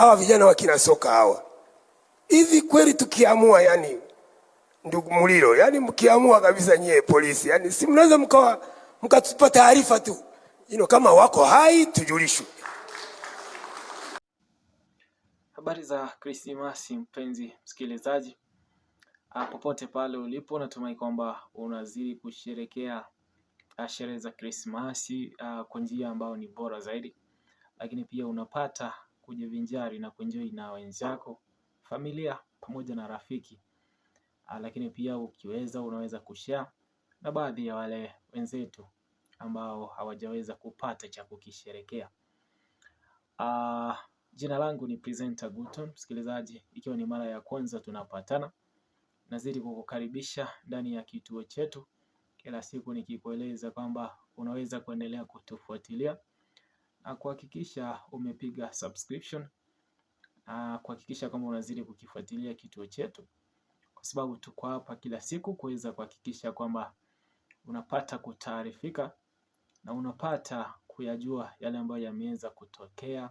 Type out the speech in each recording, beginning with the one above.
hawa vijana wa kina soka hawa. Hivi kweli tukiamua, yani ndugu mulilo yani mkiamua kabisa nyie polisi, yani si mnaweza mkawa mkatupa taarifa tu ino kama wako hai tujulishwe. Habari za Krismasi mpenzi msikilizaji, ah, popote pale ulipo, natumai kwamba unazidi kusherekea ah, sherehe za Krismasi ah, kwa njia ambayo ni bora zaidi, lakini pia unapata kujivinjari na kuenjoy na wenzako, familia pamoja na rafiki. Ah, lakini pia ukiweza, unaweza kushare na baadhi ya wale wenzetu ambao hawajaweza kupata cha kukisherekea. Ah, jina langu ni Presenter Guton, Msikilizaji, ikiwa ni mara ya kwanza tunapatana, nazidi kukukaribisha ndani ya kituo chetu kila siku nikikueleza kwamba unaweza kuendelea kutufuatilia kuhakikisha umepiga subscription, kuhakikisha kwamba unazidi kukifuatilia kituo chetu, kwa sababu tuko hapa kila siku kuweza kuhakikisha kwamba unapata kutaarifika na unapata kuyajua yale ambayo yameweza kutokea,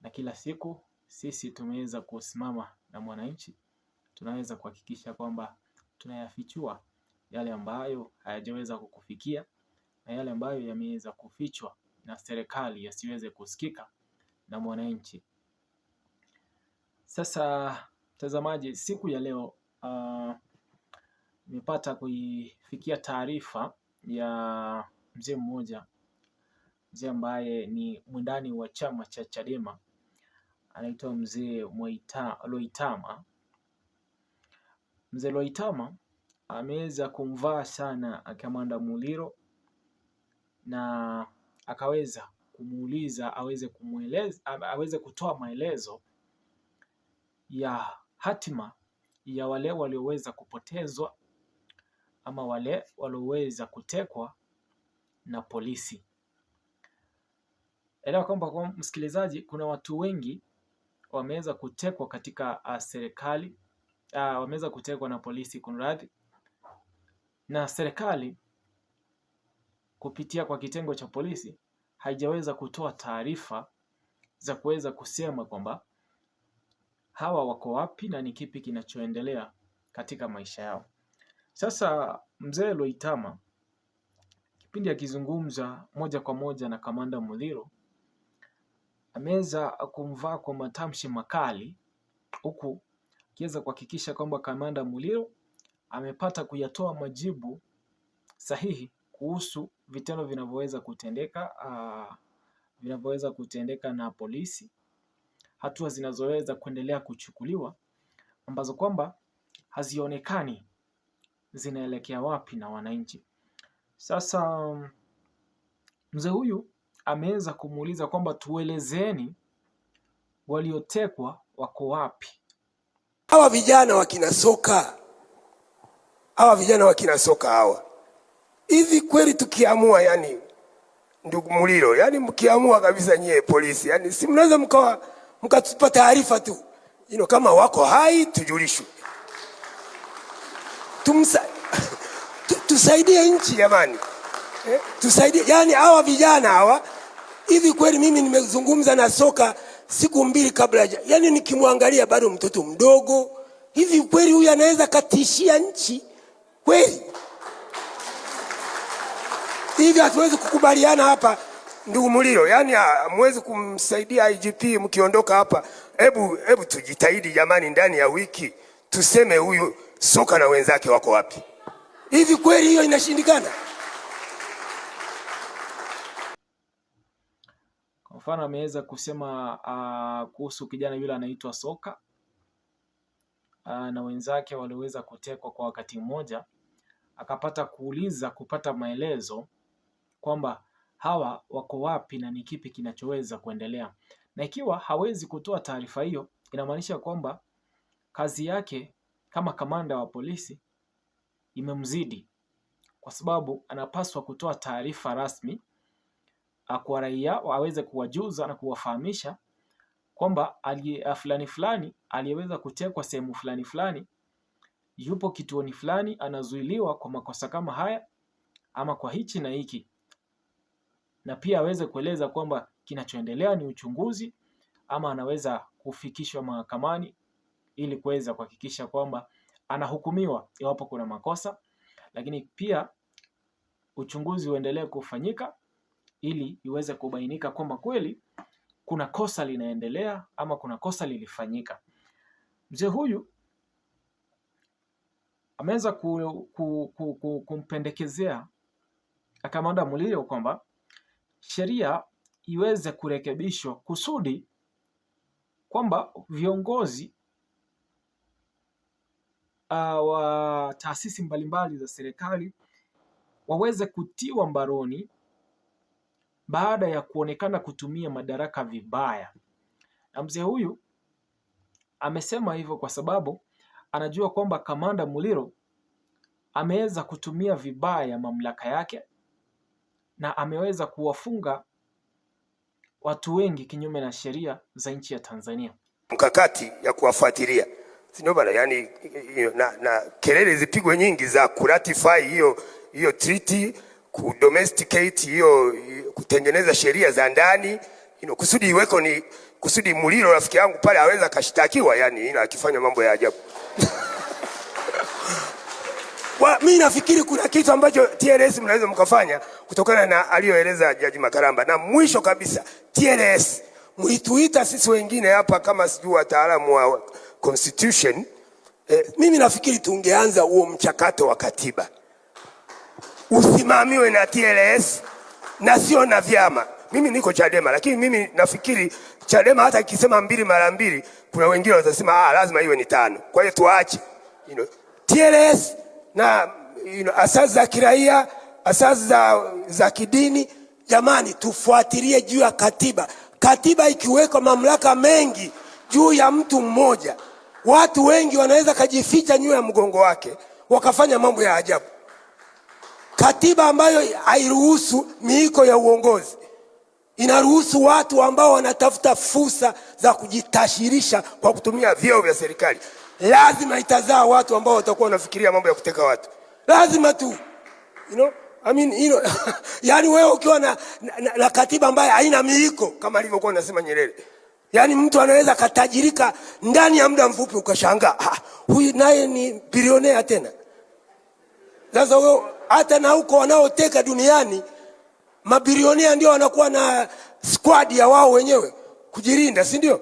na kila siku sisi tumeweza kusimama na mwananchi, tunaweza kuhakikisha kwamba tunayafichua yale ambayo hayajaweza kukufikia na yale ambayo yameweza kufichwa na serikali yasiweze kusikika na mwananchi. Sasa mtazamaji, siku ya leo ah, nimepata uh, kuifikia taarifa ya mzee mmoja, mzee ambaye ni mwindani wa chama cha Chadema anaitwa mzee Loitama. Mzee Loitama ameweza kumvaa sana Kamanda Muliro na akaweza kumuuliza aweze kumweleza, aweze kutoa maelezo ya hatima ya wale walioweza kupotezwa ama wale walioweza kutekwa na polisi. Elewa kwamba kwa msikilizaji, kuna watu wengi wameweza kutekwa katika uh, serikali uh, wameweza kutekwa na polisi kunradhi, na serikali kupitia kwa kitengo cha polisi haijaweza kutoa taarifa za kuweza kusema kwamba hawa wako wapi na ni kipi kinachoendelea katika maisha yao. Sasa mzee Loitama kipindi akizungumza moja kwa moja na kamanda Muliro ameweza kumvaa kwa matamshi makali, huku akiweza kuhakikisha kwamba kamanda Muliro amepata kuyatoa majibu sahihi kuhusu vitendo vinavyoweza kutendeka uh, vinavyoweza kutendeka na polisi, hatua zinazoweza kuendelea kuchukuliwa ambazo kwamba hazionekani zinaelekea wapi na wananchi. Sasa mzee huyu ameweza kumuuliza kwamba tuelezeni waliotekwa wako wapi? Hawa vijana wakina soka, hawa vijana wakina soka hawa hivi kweli tukiamua, yani ndugu Mulilo, yani mkiamua kabisa nyie polisi, yani si mnaweza mkawa mkatupa taarifa tu ino kama wako hai tujulishwe, tumsa tusaidie nchi jamani, eh, tusaidie yani hawa vijana hawa. Hivi kweli mimi nimezungumza na soka siku mbili kabla, yani nikimwangalia bado mtoto mdogo, hivi kweli huyu anaweza katishia nchi kweli? hivi hatuwezi kukubaliana hapa ndugu Mulilo, yani ah, hamwezi kumsaidia IGP mkiondoka hapa. Hebu hebu tujitahidi jamani, ndani ya wiki tuseme huyu Soka na wenzake wako wapi? Hivi kweli hiyo inashindikana? Kwa mfano ameweza kusema uh, kuhusu kijana yule anaitwa Soka uh, na wenzake walioweza kutekwa kwa wakati mmoja, akapata kuuliza kupata maelezo kwamba hawa wako wapi na ni kipi kinachoweza kuendelea, na ikiwa hawezi kutoa taarifa hiyo, inamaanisha kwamba kazi yake kama kamanda wa polisi imemzidi, kwa sababu anapaswa kutoa taarifa rasmi ah, kwa raia aweze kuwajuza na kuwafahamisha kwamba ah, fulani fulani aliyeweza kutekwa sehemu fulani fulani yupo kituoni fulani, anazuiliwa kwa makosa kama haya ama kwa hichi na hiki na pia aweze kueleza kwamba kinachoendelea ni uchunguzi ama anaweza kufikishwa mahakamani ili kuweza kuhakikisha kwamba anahukumiwa iwapo kuna makosa, lakini pia uchunguzi uendelee kufanyika ili iweze kubainika kwamba kweli kuna kosa linaendelea ama kuna kosa lilifanyika. Mzee huyu ameweza ku, ku, ku, ku, kumpendekezea akamanda Muliro kwamba sheria iweze kurekebishwa kusudi kwamba viongozi uh, wa taasisi mbalimbali za serikali waweze kutiwa mbaroni baada ya kuonekana kutumia madaraka vibaya. Na mzee huyu amesema hivyo kwa sababu anajua kwamba Kamanda Muliro ameweza kutumia vibaya mamlaka yake na ameweza kuwafunga watu wengi kinyume na sheria za nchi ya Tanzania. Mkakati ya kuwafuatilia sio bana, yani na, na kelele zipigwe nyingi za kuratify hiyo hiyo treaty, kudomesticate hiyo, kutengeneza sheria za ndani ino, kusudi iweko ni kusudi Muliro rafiki yangu pale aweza akashtakiwa, yani akifanya mambo ya ajabu Mimi nafikiri kuna kitu ambacho TLS mnaweza mkafanya kutokana na aliyoeleza Jaji Makaramba. Na mwisho kabisa, TLS mlituita sisi wengine hapa kama sijui wataalamu wa constitution eh, mimi nafikiri tungeanza huo mchakato wa katiba usimamiwe na TLS na sio na vyama. Mimi niko Chadema, lakini mimi nafikiri Chadema hata ikisema mbili mara mbili, kuna wengine watasema ah, lazima iwe ni tano. Kwa hiyo tuache you know, TLS na you know, asasi za kiraia, asasi za, za kidini. Jamani, tufuatilie juu ya katiba. Katiba ikiwekwa mamlaka mengi juu ya mtu mmoja, watu wengi wanaweza kajificha nyuma ya mgongo wake wakafanya mambo ya ajabu. Katiba ambayo hairuhusu miiko ya uongozi inaruhusu watu ambao wanatafuta fursa za kujitashirisha kwa kutumia vyeo vya serikali lazima itazaa watu ambao watakuwa wanafikiria mambo ya kuteka watu, lazima tu you know? I mean, you know, yani wewe ukiwa na, na, na katiba ambayo haina miiko kama alivyokuwa nasema Nyerere, yani mtu anaweza katajirika ndani ya muda mfupi ukashangaa, ah, huyu naye ni bilionea tena. Sasa wewe hata na huko wanaoteka duniani mabilionea ndio wanakuwa na squad ya wao wenyewe kujirinda, si ndio?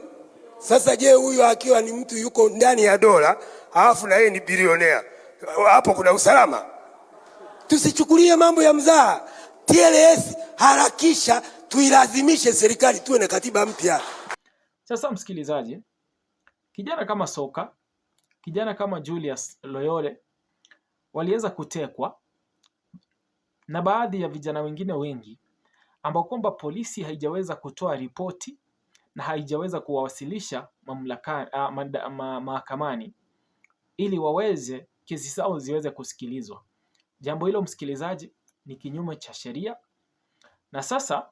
Sasa je, huyu akiwa ni mtu yuko ndani ya dola alafu na yeye ni bilionea, hapo kuna usalama? Tusichukulie mambo ya mzaha. TLS harakisha, tuilazimishe serikali tuwe na katiba mpya. Sasa msikilizaji, kijana kama Soka, kijana kama Julius Loyole waliweza kutekwa na baadhi ya vijana wengine wengi ambao kwamba polisi haijaweza kutoa ripoti na haijaweza kuwawasilisha ah, mahakamani ili waweze kesi zao ziweze kusikilizwa. Jambo hilo msikilizaji, ni kinyume cha sheria, na sasa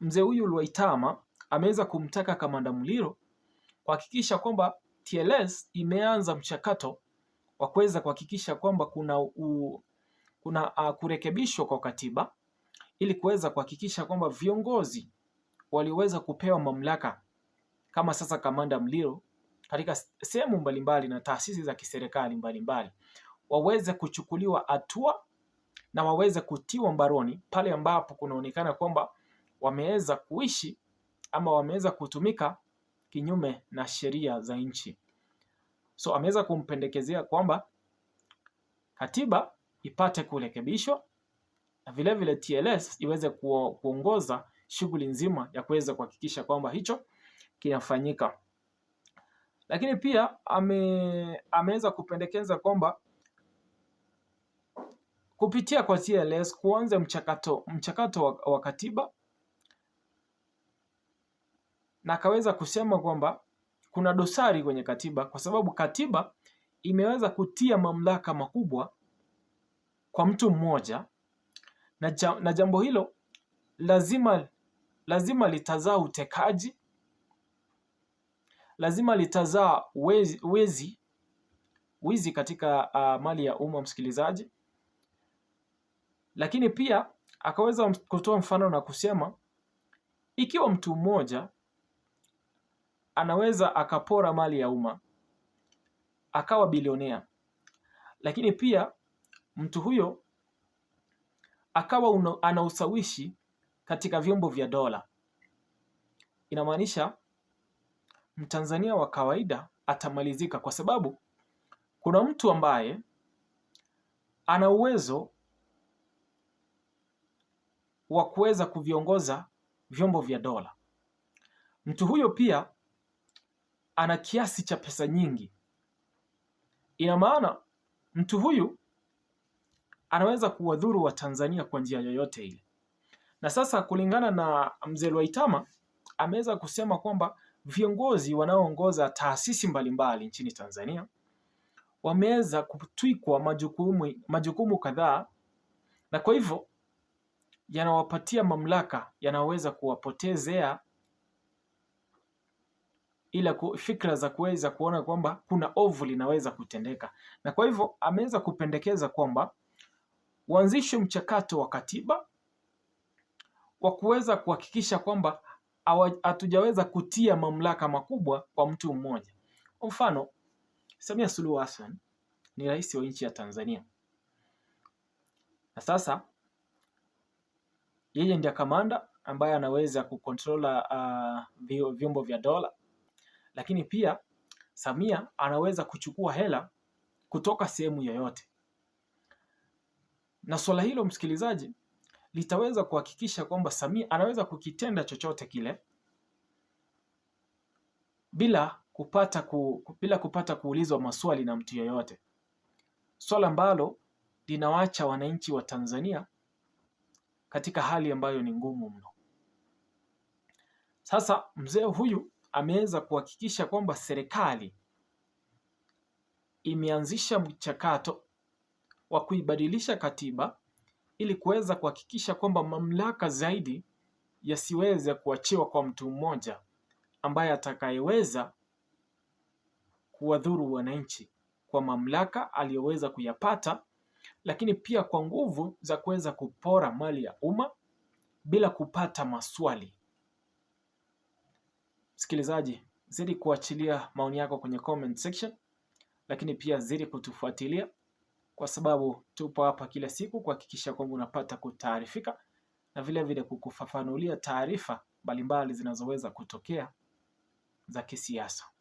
mzee huyu Lwaitama ameweza kumtaka Kamanda Muliro kuhakikisha kwamba TLS imeanza mchakato wa kuweza kuhakikisha kwamba kuna, u, kuna uh, kurekebishwa kwa katiba ili kuweza kuhakikisha kwamba viongozi waliweza kupewa mamlaka kama sasa kamanda mlio katika sehemu mbalimbali na taasisi za kiserikali mbalimbali waweze kuchukuliwa hatua na waweze kutiwa mbaroni pale ambapo kunaonekana kwamba wameweza kuishi ama wameweza kutumika kinyume na sheria za nchi. So ameweza kumpendekezea kwamba katiba ipate kurekebishwa na vilevile TLS iweze kuongoza shughuli nzima ya kuweza kuhakikisha kwamba hicho kinafanyika. Lakini pia ame, ameweza kupendekeza kwamba kupitia kwa TLS kuanze mchakato, mchakato wa, wa katiba na akaweza kusema kwamba kuna dosari kwenye katiba kwa sababu katiba imeweza kutia mamlaka makubwa kwa mtu mmoja na, cha, na jambo hilo lazima lazima litazaa utekaji, lazima litazaa wezi, wezi, wizi katika uh, mali ya umma msikilizaji. Lakini pia akaweza kutoa mfano na kusema ikiwa mtu mmoja anaweza akapora mali ya umma akawa bilionea, lakini pia mtu huyo akawa una, ana ushawishi katika vyombo vya dola. Inamaanisha Mtanzania wa kawaida atamalizika kwa sababu kuna mtu ambaye ana uwezo wa kuweza kuviongoza vyombo vya dola. Mtu huyo pia ana kiasi cha pesa nyingi. Ina maana mtu huyu anaweza kuwadhuru Watanzania kwa njia yoyote ile. Na sasa kulingana na mzee Lwaitama ameweza kusema kwamba viongozi wanaoongoza taasisi mbalimbali nchini Tanzania wameweza kutwikwa majukumu, majukumu kadhaa na kwa hivyo yanawapatia mamlaka yanaweza kuwapotezea ila fikra za kuweza kuona kwamba kuna ovu linaweza kutendeka, na kwa hivyo ameweza kupendekeza kwamba uanzishwe mchakato wa katiba kwa kuweza kuhakikisha kwamba hatujaweza kutia mamlaka makubwa kwa mtu mmoja. Kwa mfano, Samia Suluhu Hassan ni rais wa nchi ya Tanzania, na sasa yeye ndiye kamanda ambaye anaweza kukontrola uh, vyombo vya dola, lakini pia Samia anaweza kuchukua hela kutoka sehemu yoyote, na swala hilo msikilizaji, litaweza kuhakikisha kwamba Samia anaweza kukitenda chochote kile bila kupata, ku, bila kupata kuulizwa maswali na mtu yeyote, swala ambalo linawaacha wananchi wa Tanzania katika hali ambayo ni ngumu mno. Sasa mzee huyu ameweza kuhakikisha kwamba serikali imeanzisha mchakato wa kuibadilisha katiba ili kuweza kuhakikisha kwamba mamlaka zaidi yasiweze kuachiwa kwa mtu mmoja ambaye atakayeweza kuwadhuru wananchi kwa mamlaka aliyoweza kuyapata, lakini pia kwa nguvu za kuweza kupora mali ya umma bila kupata maswali. Msikilizaji, zidi kuachilia maoni yako kwenye comment section, lakini pia zidi kutufuatilia kwa sababu tupo hapa kila siku kuhakikisha kwamba unapata kutaarifika na vile vile kukufafanulia taarifa mbalimbali zinazoweza kutokea za kisiasa.